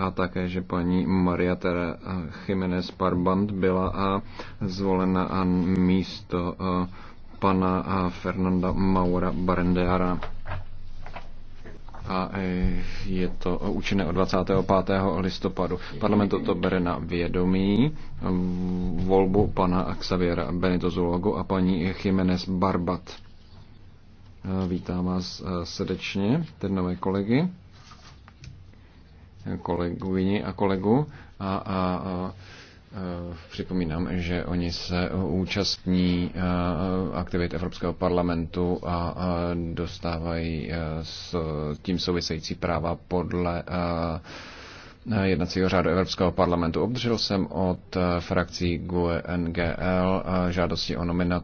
a také, že paní Maria Tere Jiménez Parband byla a zvolena a místo pana Fernanda Maura Barendeara. A e, je to účinné od 25. listopadu. Parlament toto bere na vědomí volbu pana Xaviera Benitozologu a paní Jiménez Barbat. E, vítám vás e, srdečně, ten nové kolegy kolegovini a kolegu a, a, a Připomínám, že oni se účastní aktivit Evropského parlamentu a dostávají s tím související práva podle jednacího řádu Evropského parlamentu. Obdržel jsem od frakcí GUE NGL žádosti o nominaci.